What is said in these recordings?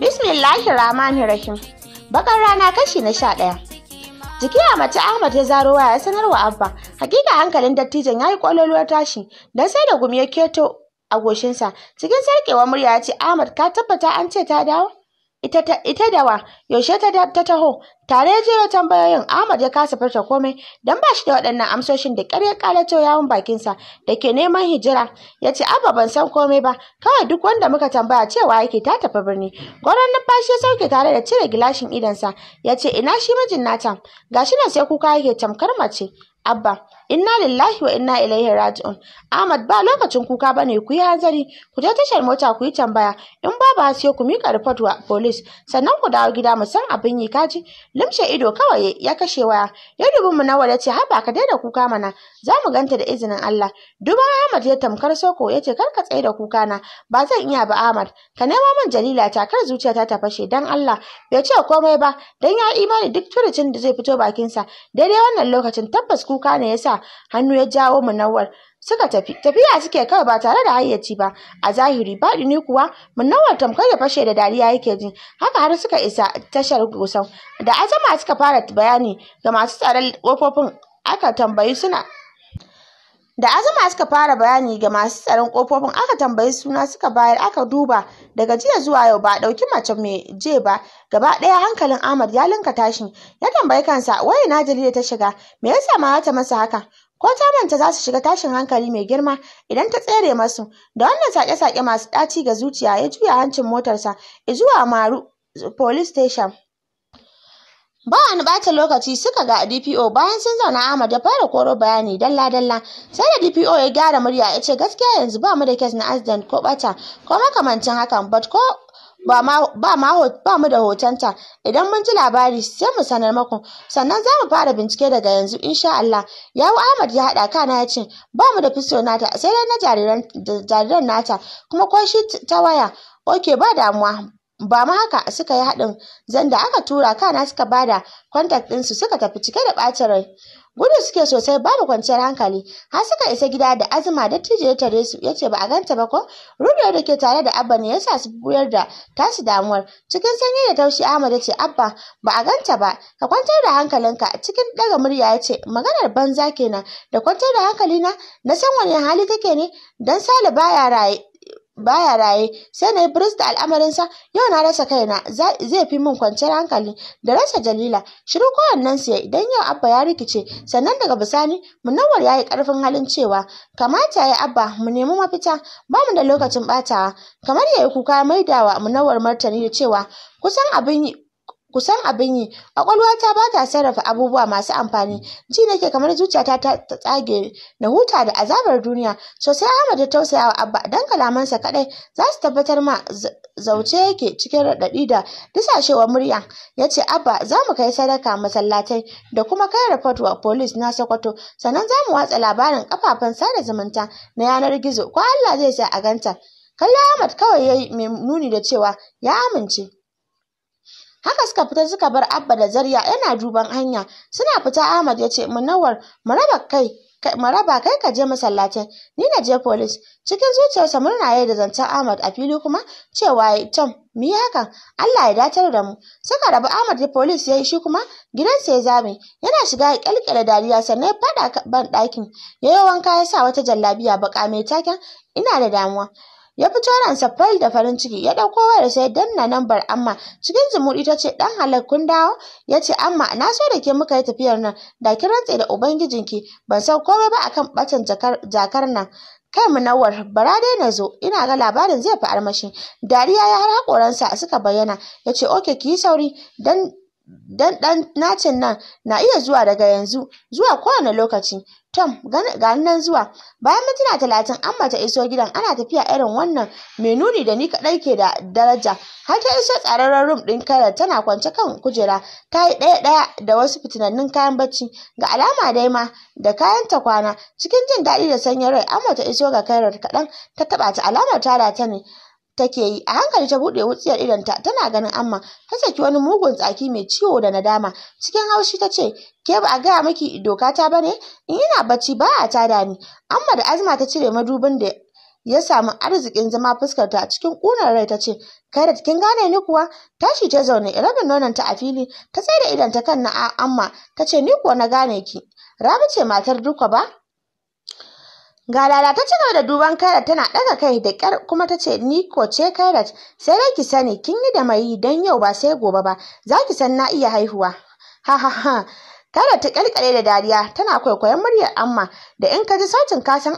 Bismillahir Rahmanir Rahim. Bakar rana kashi na sha ɗaya. Jiki a mace Ahmad ya zaro waya ya wa Abba. Hakika hankalin dattijan ya yi kwaloluwar tashi dan sai da gumi ya keto a goshinsa. Cikin sarkewa murya ya ce Ahmad ka tabbata an ce ta dawo? Ita, da wa yaushe ta, taho Tare ya tambayoyin Ahmad ya kasa furta komai dan ba shi da waɗannan amsoshin da ƙarya ƙalato yawon bakinsa da ke neman hijira. Ya ce abba ban san komai ba kawai duk wanda muka tambaya cewa yake ta tafi birni. Gwaron numfashi ya sauke tare da cire gilashin idonsa ya ce ina shi mijin nata gashi nan sai kuka yake tamkar mace. Abba inna lillahi wa inna ilaihi raji'un Ahmad ba lokacin kuka bane ku yi hanzari ku je tashar mota ku yi tambaya in ba babu sai ku mika report wa police sannan ku dawo gida mu san abin yi kaji limshe ido kawai ya kashe waya ya dubi mu na ce haba ka daina kuka mana za mu ganta da izinin Allah duban Ahmad ya tamkar soko ya ce "Kar ka tsaye da kuka na ba zan iya ba Ahmad ka nemo min Jalila ta kar zuciyata ta fashe dan Allah bai ce komai ba dan ya imani duk turicin da zai fito bakinsa daidai wannan lokacin tabbas kuka ne yasa hannu ya jawo munawar suka tafi tafiya suke kawai ba tare da hayyaci ba a zahiri ni kuwa munawar tamkar da fashe da dariya yake ji haka har suka isa tashar gusau da azama suka fara bayani ga masu tsaron kofofin aka tambayi suna da azuma suka fara bayani ga masu tsaron kofofin aka tambayi suna suka bayar aka duba daga jiya zuwa yau ba ɗauki mace mai je ba gaba ɗaya hankalin ahmad ya linka tashi ya tambayi kansa waye na jalila ta shiga me yasa ma ta masa haka ko ta manta za su shiga tashin hankali mai girma idan ta tsere masu da wannan sake-sake masu ɗaci ga zuciya ya juya hancin motarsa zuwa maru police station ba wani bata lokaci suka ga DPO bayan sun zauna Ahmad ya fara koro bayani dalla dalla sai da DPO ya gyara murya ya ce gaskiya yanzu ba mu da kes na accident ko bata ko makamancin hakan but ko ba ma ba mu da hotonta idan mun ji labari sai mu sanar maku sannan za mu fara bincike daga yanzu insha Allah yawo Ahmad ya haɗa kana ya ce ba mu da fiso nata sai dai na jariran nata kuma ko shi ta waya oke ba damuwa ba ma haka suka yi haɗin zanda aka tura kana suka bada kwantak ɗinsu suka tafi cike da ɓacin rai gudu suke sosai babu kwanciyar hankali har suka isa gida da azuma da tije ya tare su yace ba a ganta ba ko rudo da ke tare da abba ne ya sa su buyar da tasu damuwar cikin sanyi da taushi ahmad ce abba ba a ganta ba ka kwantar da hankalinka cikin daga murya ya ce maganar banza kenan da kwantar da hankalina na san wani hali take ne dan sale baya raye baya raye sai na yi biris da al'amarinsa yau na rasa kaina zai fi min kwanciyar hankali da rasa jalila shiru kowannen siya idan yau abba ya rikice sannan daga bisani munawar ya yi karfin halin cewa kamata ya abba mu nemi mafita ba mu da lokacin batawa kamar ya yi kuka maidawa munawar martani da cewa kusan abin kusan abin yi ƙwaƙwalwata ba ta sarrafa abubuwa masu amfani ji nake kamar zuciyata ta tsage na huta da azabar duniya sosai Ahmad ya tausaya wa Abba dan kalamansa kaɗai, za su tabbatar ma zauce yake cikin raɗaɗi da disashewar murya ya ce Abba za mu kai sadaka masallatai da kuma kai report wa police na Sokoto sannan za mu watsa labarin kafafen sada zumunta na yanar gizo ko Allah zai sa a ganta kalla Ahmad kawai ya yi mai nuni da cewa ya amince haka suka fita suka bar abba da zarya yana duban hanya suna fita ahmad ya ce munawar mu kai maraba kai ka je masallacin ni na je police cikin zuciyarsa murna yayi da zancen Ahmad a fili kuma cewa ya tam mu hakan Allah ya datar da mu suka rabu Ahmad da police yi shi kuma gidansa ya zame yana shiga ya kyalkyale dariya sannan ya fada ban ɗakin yayi wanka ya sa wata jallabiya baka mai taken ina da damuwa ya fito nan fal da farin ciki ya ɗauko wayar sai danna number amma cikin zumuri ta ce ɗan kun dawo yace amma na so da ke muka yi tafiyar nan da ki rantse da ubangijinki ban san komai ba akan batan jakar nan kai munawar bara dai na zo ina ga labarin zai fi armashi dariya ya har haƙoransa suka bayyana yace ce oke ki sauri dan dan nacin nan na iya zuwa daga yanzu zuwa kowane lokaci tom gani nan zuwa bayan mintuna talatin amma ta iso gidan ana tafiya irin wannan mai nuni da ni kaɗai ke da daraja har ta iso tsararren rum ɗin kare tana kwance kan kujera ta yi ɗaya ɗaya da wasu fitinannun kayan bacci ga alama dai ma da kayan ta kwana cikin jin daɗi da sanyin rai amma ta iso ga kairar kaɗan ta taɓa ta alamar tara ta ne take yi a hankali ta buɗe wutsiyar idonta tana ganin amma ta saki wani mugun tsaki mai ciwo da nadama cikin haushi ta ce ke ba a gaya miki doka ta bane in yana bacci ba a tada ni amma da azma ta cire madubin da ya samu arzikin zama fuskarta cikin kunar rai ta ce kai da cikin gane ni kuwa tashi ta zaune rabin nonon ta a fili ta tsaye da idonta kan na amma ta ce ni kuwa na gane ki rabi ce matar duka ba ga lala ta ci gaba da duban kairat tana ɗaga kai da kyar kuma ta ce ni ko ce kairat sai dai ki sani kin yi da mai don yau ba sai gobe ba za ki san na iya haihuwa ha ha ha kairat ta karkare da dariya tana kwaikwayon muryar amma da in ka ji sautin kasan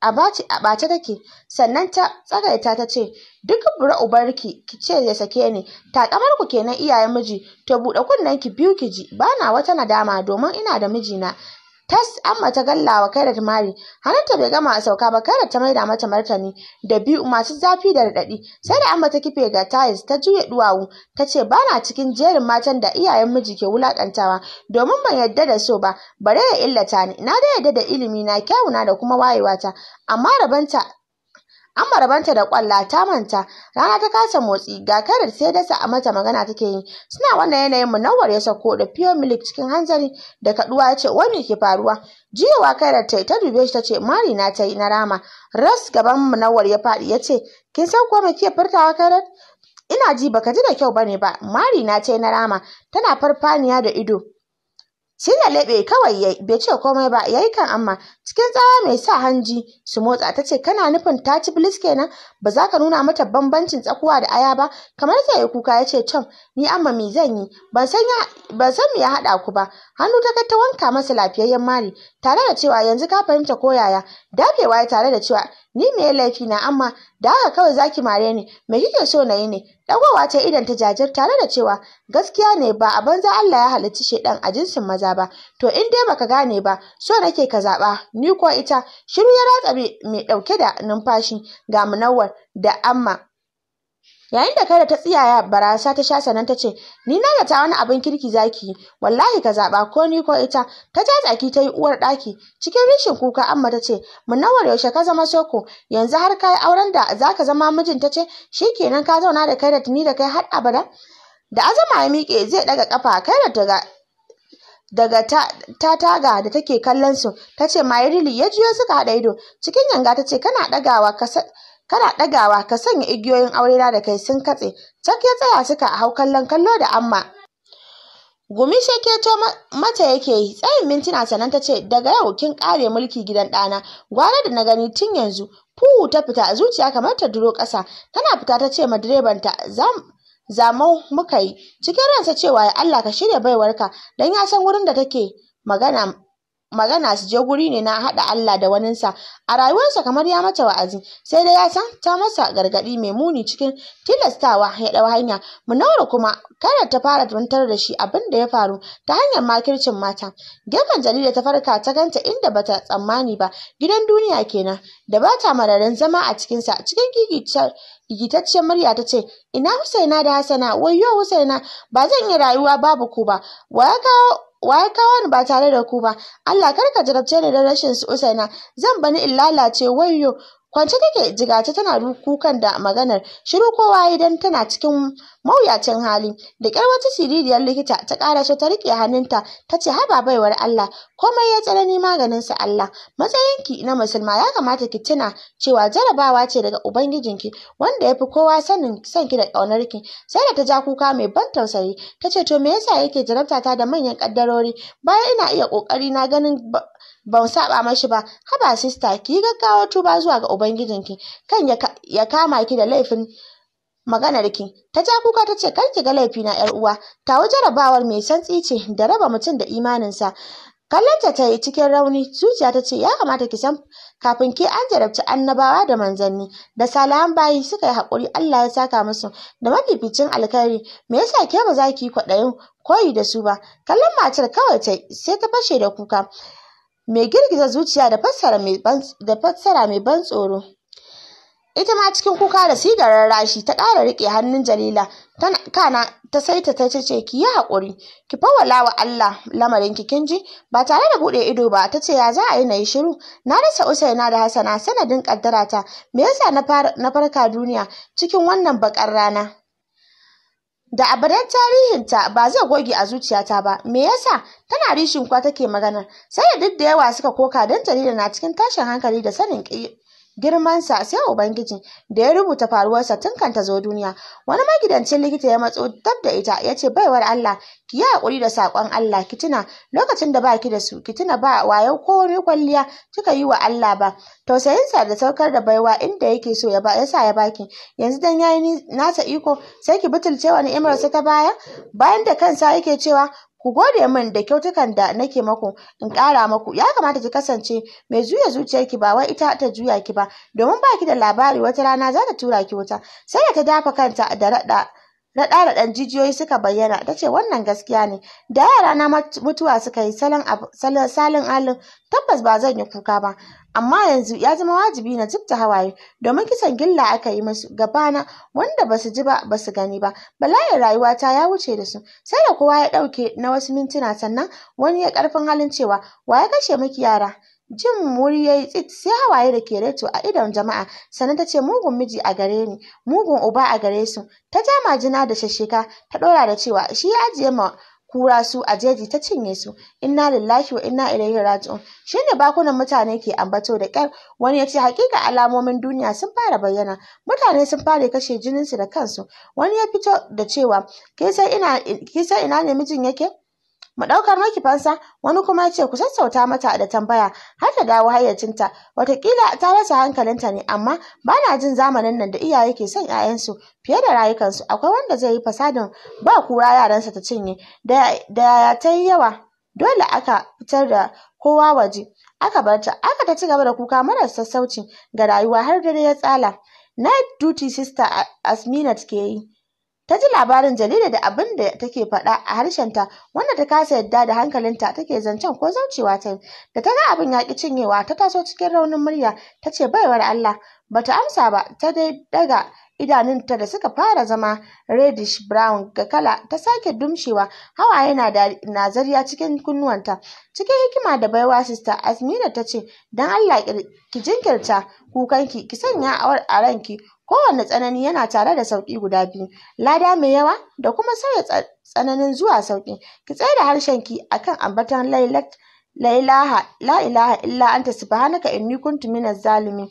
abat a take sannan ta tsagaita ta ce duk bura ubarki ki ce ya sake ni kamar ku kenan iyayen miji to buɗe kunnen ki biyu ki ji bana wata nadama domin ina da mijina tas amma ta gallawa kairat mari hananta bai gama a sauka ba kairat ta maida mata martani da biyu masu zafi da radadi. sai da amma ta kife ga tayis ta juya duwawu ta ce ba cikin jerin matan da iyayen miji ke wulakantawa domin ban yadda da so ba bare ya illata ni na da yadda da ilimi na kyawuna da kuma wayewata amma rabanta an marabanta da kwalla ta manta rana ta kasa motsi ga karar sai dasa a mata magana take yi suna wannan yanayin munawwar ya sako da pure milk cikin hanzari da kaduwa ya ce wani ke faruwa jiyowa karar ta ta dube shi ta ce mari na ta yi na rama ras gaban munawwar ya faɗi ya ce kin san ko ke furtawa karar ina ji baka ji da kyau bane ba mari na ta yi na rama tana farfaniya da ido Sai ya lebe kawai yayi bai ce komai ba yayi kan amma cikin tsawa mai sa hanji su motsa ta ce kana nufin ta ci bilis kenan ba za ka nuna mata bambancin tsakuwa da aya ba kamar zai yi kuka ya ce tom ni amma me zan yi ban san me ya haɗa ku ba hannu ta ta wanka masa lafiyayyen mari tare da cewa yanzu ka fahimta ko yaya dafewa ya tare da cewa ni me laifi na amma da haka kawai zaki mare ni me kike so na yi ne dagowa ta idan ta jajir tare da cewa gaskiya ne ba a banza Allah ya halicci shedan a jinsin maza ba to in dai baka gane ba so nake ka zaɓa. ni ko ita shiru ya ratsa mai ɗauke da numfashi ga munawwar da amma yayin da kada ta tsiyaya barasa ta sha sanan ta ce ni na ta wani abin kirki zaki wallahi ka zaɓa ko ni ko ita ta ja tsaki ta yi uwar ɗaki cikin rishin kuka amma ta ce munawar yaushe ka zama soko yanzu har ka auren da zaka zama mijin ta ce shikenan ka zauna da kai da tuni da kai har abada da azama ya miƙe zai ɗaga kafa kai da ta daga ta taga da take kallon su ta ce ya jiyo suka haɗa ido cikin yanga ta ce kana ɗagawa ka kana ɗagawa ka sanya igiyoyin aure na da kai sun katse Tak ya tsaya suka hau kallon kallo da amma gumi sheketo mata yake yi tsayin mintuna sannan ta ce daga yau kin kare mulki gidan ɗana Gwana da na gani tun yanzu fuhu ta fita zuciya kamar ta duro ƙasa tana fita ta ce ma direban ta. zamau muka yi cikin ransa cewa ya Allah ka shirya baiwarka Dan ya san wurin da take magana magana su je guri ne na haɗa Allah da waninsa a rayuwarsa kamar ya mata wa'azi sai dai ya san ta masa gargaɗi mai muni cikin tilastawa ya ɗau hanya munawar kuma kada ta fara tuntar da shi abin da ya faru ta hanyar makircin mata gefen jarida ta farka ta ganta inda bata tsammani ba gidan duniya kenan da bata mararin zama a cikinsa cikin gigitar gigitacciyar murya ta ce ina Husaina da Hassana wayyo Husaina ba zan yi rayuwa babu ku ba wa kawo kawo ni ba tare da ku ba Allah kar ka jarabce ni da rashin su Husaina. zan bani in lalace wayo. kwance take jigace tana kukan da maganar shiru kowa idan tana cikin mawuyacin hali da kyar wata siririyar likita ta kara so ta riƙe hannunta ta ce haba baiwar Allah komai ya tsanani maganin sa Allah matsayinki na musulma ya kamata ki tuna cewa jarabawa ce daga ubangijinki wanda yafi kowa sanin sanki da ƙaunarki sai da ta ja kuka mai ban tausayi ta ce to me yasa yake jarabta ta da manyan kaddarori? bayan ina iya kokari na ganin ban saba mashi ba haba sista ki yi gaggawa tuba zuwa ga ubangijinki kan ya kama ki da laifin ki ta ja kuka ta ce kar ki ga laifina yar uwa tawo jarabawar mai santsi ce da raba mutum da imaninsa Kallon ta yi cikin rauni zuciya ta ce ya kamata ki san kafin ki an jarabci annabawa da manzanni da salahan bayi suka yi haƙuri Allah ya saka musu da mafificin alkhairi me yasa ke ba za ki yi kwaɗayin koyi da su ba kallon matar kawai ta sai ta fashe da kuka mai girgiza zuciya da fassara mai ban tsoro ita ma cikin kuka da sigarar rashi ta ƙara riƙe hannun jalila kana ta saita ta ce ki yi haƙuri ki fawala wa Allah lamarin ki kin ji ba tare da buɗe ido ba ta ce ya za a yi na yi shiru na rasa usaina da hasana sanadin ƙaddara ta. me yasa na farka duniya cikin wannan baƙar rana da abadan tarihinta ba zai goge a zuciyata ba me yasa tana rishin kwa take magana, sai da duk da yawa suka koka don jarida na cikin tashin hankali da sanin girmansa sai ubangiji da ya rubuta faruwarsa tun kan ta zo duniya wani magidancin likita ya matso dab da ita ya ce baiwar Allah ki yi hakuri da sakon Allah ki tuna lokacin da ba ki da su ki tuna ba wayo ko wani kwalliya kika yi wa Allah ba tausayinsa da saukar da baiwa inda yake so ya ba yasa ya baki yanzu dan yayi nasa iko sai ki butulce wa ni'imar ta baya bayan da kansa yake cewa ku gode min da kyautukan da nake maku in ƙara maku ya kamata ki kasance mai juya zuciyarki ba wai ita ta juya ki ba domin baki da labari wata rana za ta tura ki wuta sai da ta dafa kanta da raɗa na ɗara ɗan jijiyoyi suka bayyana ta ce wannan gaskiya ne da yara na mutuwa suka yi salin alin tabbas ba zan yi kuka ba amma yanzu ya zama wajibi na jibta hawaye domin kisan gilla aka yi musu gabana wanda ba su ji ba ba su gani ba bala'in rayuwa ta ya wuce da su sai da kowa ya ɗauke na wasu mintuna sannan wani ya ƙarfin halin cewa wa ya kashe miki yara Jin muryar tsit sai hawaye da ke reto a idon jama'a, sannan ta ce mugun miji a gare ni, mugun uba a gare su. Ta ja majina da shashika ta ɗora da cewa shi ya ajiye ma kura su a jeji ta cinye su. Inna lillahi wa inna ilaihi raji'un. Shi bakunan mutane ke ambato da ƙyar. Wani ya ce hakika alamomin duniya sun fara bayyana. Mutane sun fara kashe jininsu da kansu. Wani ya fito da cewa ke ina ne mijin yake? mu ɗaukar maki fansa wani kuma ya ce ku sassauta mata da tambaya har ta dawo hayyacinta watakila ta rasa hankalinta ne amma ba na jin zamanin nan da iyaye ke son 'ya'yansu fiye da rayukansu akwai wanda zai yi fasadin ba kura yaransa ta cinye da yaya ta yi yawa dole aka fitar da kowa waje aka bar ta aka ta ci gaba da kuka mara sassauci ga rayuwa har dare ya tsala night duty sister asminat ke yi ta ji labarin jarida da abin da take faɗa a harshen ta, wanda ta kasa yadda da hankalinta take zancen ko zaucewa ta da ta ga abin yaƙi cinyewa ta taso cikin raunin murya ta ce baiwar Allah bata amsa ba ta dai daga idanunta da suka fara zama reddish brown ga kala ta sake dumshewa hawa yana da nazariya cikin kunnuwanta cikin hikima da baiwa sista asmina ta ce don allah ki jinkirta kukanki ki sanya a ranki kowane tsanani yana tare da sauƙi guda biyu, lada mai yawa da kuma sauya tsananin zuwa sauƙi. Ki tsaye da harshenki ki. Akan ambaton la ilaha illa anta subhanaka inni kuntu minaz zalimin.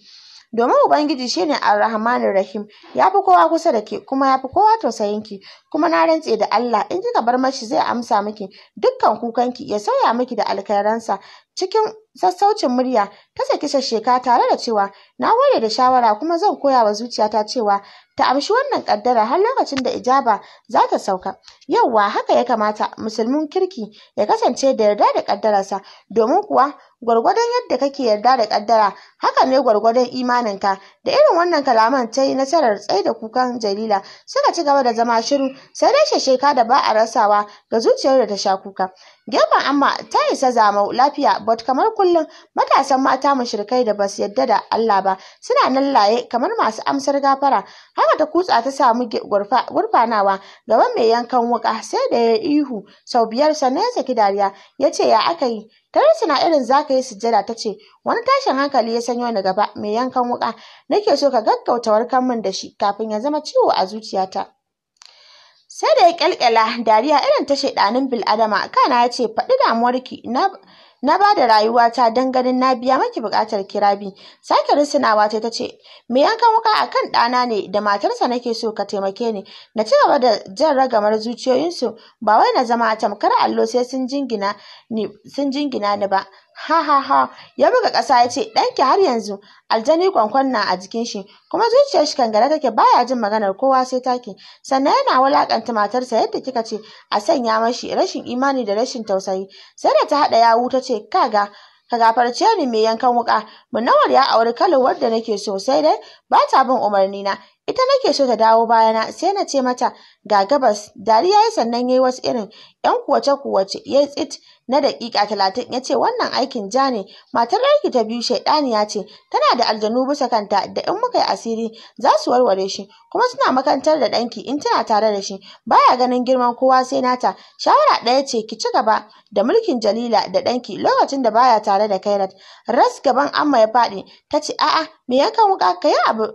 Domin Ubangiji shine ne Rahim, ya fi kowa kusa da ke kuma ya fi kowa tausayinki, kuma na rantse da Allah in kika bar mashi zai amsa miki dukkan kukanki ya sauya miki da alkhairansa. cikin sassaucin murya ta saki shasheka tare da cewa na gode da shawara kuma zan koya wa zuciyata cewa ta amshi wannan kaddara har lokacin da ijaba za ta sauka yauwa haka ya kamata musulmin kirki ya kasance da yarda da kaddararsa domin kuwa gwargwadon yadda kake yarda da kaddara haka ne gwargwadon imaninka da irin wannan kalaman ta yi nasarar tsai da kukan jalila suka ci gaba da zama shiru sai dai shasheka da ba a rasawa ga zuciyar da ta sha kuka gefen amma ta isa zamau lafiya but kamar kullum matasan mata mushrikai da basu yadda da Allah ba suna nan laye kamar masu amsar gafara haka ta kutsa ta samu gurfanawa gaban mai yankan wuka sai da ya ihu sau biyar sannan ya saki dariya ya ce ya aka yi Teresa na irin zaka yi sujjada ta ce, wani tashin hankali ya sanyo ni gaba mai yankan wuka, nake so ka gaggauta warkan min da shi kafin ya zama ciwo a zuciyata. Sai da ya kyalkyala dariya irin ta shaidanin bil'adama kana ya ce faɗi damuwarki na na ba da rayuwata don ganin na biya maki buƙatar kirabi sake rusunawa ta ta ce me yankan wuka a kan ɗana ne da matarsa nake so ka taimake ni na ci gaba da jan ragamar zuciyoyinsu ba wai na zama tamkar allo sai sun jingina ni ba ha ha ha ya buga ƙasa ya ce ɗanki har yanzu aljani kwankwan na a jikin shi kuma zuciyar shi kan kangare take baya jin maganar kowa sai take sannan yana wulakanta matarsa yadda kika ce a sanya mashi rashin imani da rashin tausayi sai da ta haɗa yawu ta ce kaga ka gafarce ni mai yankan wuka munawar ya auri kalin wadda nake so sai dai ba ta bin umarni na ita nake so ta dawo bayana sai na ce mata ga gabas dariya ya sannan ya yi wasu irin yan kuwace kuwace ya tsit na daƙiƙa talatin ya ce wannan aikin ja ne matar aiki ta biyu ya ce tana da aljanu bisa kanta da in muka yi asiri za su warware shi kuma suna makantar da ɗanki in tana tare da shi baya ganin girman kowa sai nata shawara ɗaya ce ki ci gaba da mulkin jalila da ɗanki lokacin da baya tare da kairat ras gaban amma ya faɗi ta ce a'a me yakan wuka ka yi abu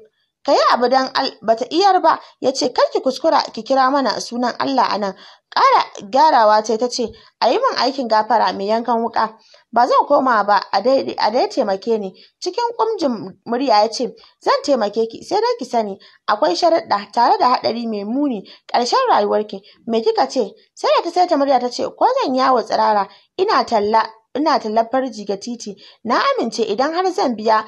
ka yi abu don bata iyar ba ya ce kar ki kuskura ki kira mana sunan Allah a nan ƙara gyarawa ce ta ce a yi min aikin gafara mai yankan wuka ba zan koma ba a dai taimake ni cikin ƙumjin murya ya ce zan taimake ki sai dai ki sani akwai sharaɗa tare da haɗari mai muni ƙarshen rayuwarki me kika ce sai da ta saita murya ta ce ko zan yawo tsirara ina talla ina tallafar farji ga titi na amince idan har zan biya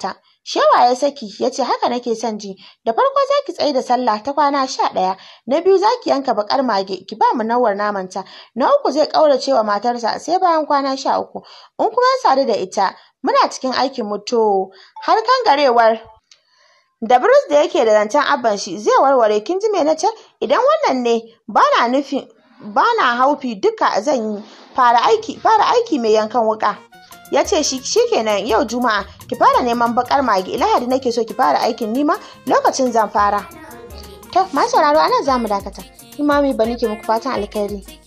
ta. shewa ya saki yace haka nake son ji da farko za ki tsaye da sallah ta kwana sha ɗaya na biyu za ki yanka baƙar mage ki ba mu nawar ta. na uku zai ƙaurace wa matarsa sai bayan kwana sha uku in kuma sadu da ita muna cikin aikin mutu har kan garewar. da Bruce da yake da zancen abban shi zai warware kin ji me nace idan wannan ne bana nufi bana haufi duka zan yi fara aiki fara aiki mai yankan wuka ya ce shi kenan yau juma'a ki fara neman bakar magi lahadi nake so ki fara aikin nima lokacin zan fara to ma sauraro za zamu dakata imami ba ke muku fatan alkhairi